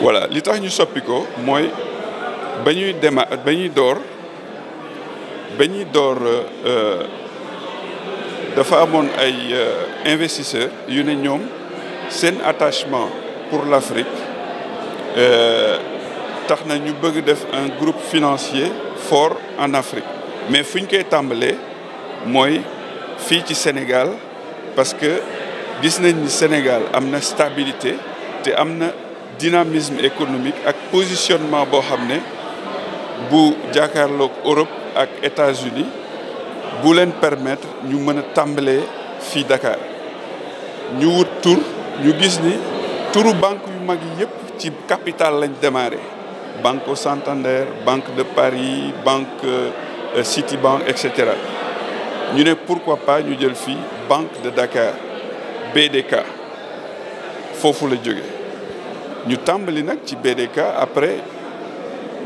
voilà li tax ñu soppi ko mooy ba ñuy dema ba ñuy door ba ñuy door euh, euh, dafa amoon ay euh, investisseur yu ne ñoom seen attachement pour l'Afrique tax na ñu bëgg def un groupe financier fort en Afrique mais fu ñu koy tàmbalee mooy fii ci Sénégal parce que gis nañ ni Sénégal am na stabilité te am na dynamisme économique ak positionnement boo xam ne bu jàkkaarloog Europe ak États-Unis bu leen permettre ñu mën a tàmbalee fii Dakar ñu wut tur ñu gis ni turu banque yu mag yi yëpp ci capital lañ démarré Banco Santander Banque de Paris Banque euh, Citibank et cetera ñu ne pourquoi pas ñu jël fii banque de Dakar BDK foofu la jóge ñu tàmbali nag ci BDK après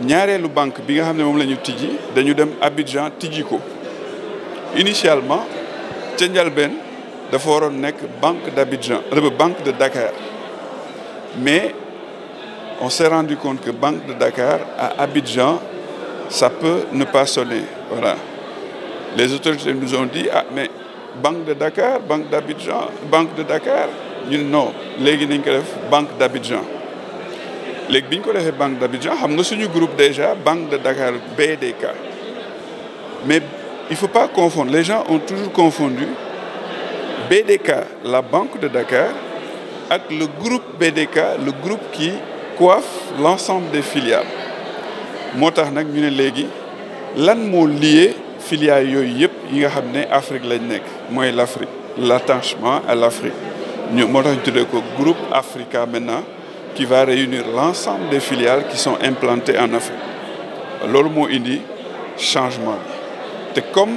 ñaareelu banque bi nga xam ne moom lañu ñu tijji dañu dem Abidjan tijji ko initialement ca njalbeen dafa waroon nekk banque d'Abidjan euh, banque de Dakar mais on s'est rendu compte que banque de Dakar à Abidjan ça peut ne pas sonner Les autorités nous ont dit, ah mais banque de Dakar, banque d'Abidjan, banque de Dakar, ñun non léegi nañ ko def banque d'Abidjan léegi bi ñu ko defee banque d'Abidjan xam nga suñu groupe déjà banque de Dakar BDK mais il faut pas confondre les gens ont toujours confondu BDK la banque de Dakar ak le groupe BDK le groupe qui coiffe l'ensemble des filiales moo tax nag ñu ne léegi lan moo lié filiales yooyu yëpp yi nga xam ne Afrique lañ nekk mooy l' Afrique l' attachement à l' Afrique ñu moo tax ñu tuddee ko groupe Africa maintenant ki va réunir l' ensemble des filiales qui sont implantées en Afrique loolu moo indi changement te comme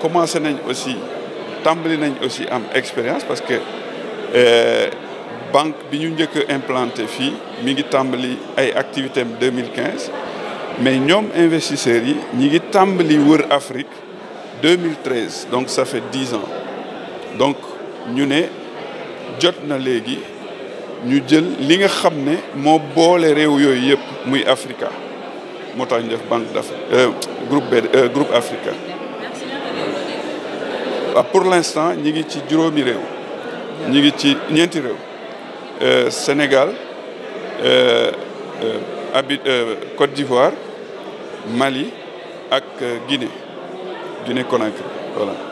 commencé nañ aussi tàmbali nañ aussi am expérience parce que euh, banque bi ñu njëkk a implanté fii mi ngi tàmbali ay activités am 2015 mais ñoom investisseurs yi ñi ngi tàmbali wër Afrique 2013 donc ça fait dix ans donc ñu ne jot na léegi ñu jël li nga xam ne moo boole réew yooyu yëpp muy Africa moo tax ñu def banque d'Afrique euh, groupe euh, groupe Africa waaw ah, pour l'instant ñi ngi ci juróomi réew ñi ngi ci ñeenti réew euh, Sénégal habit euh, Côte d'Ivoire Mali ak euh, Guinée Guinée Conakry voilà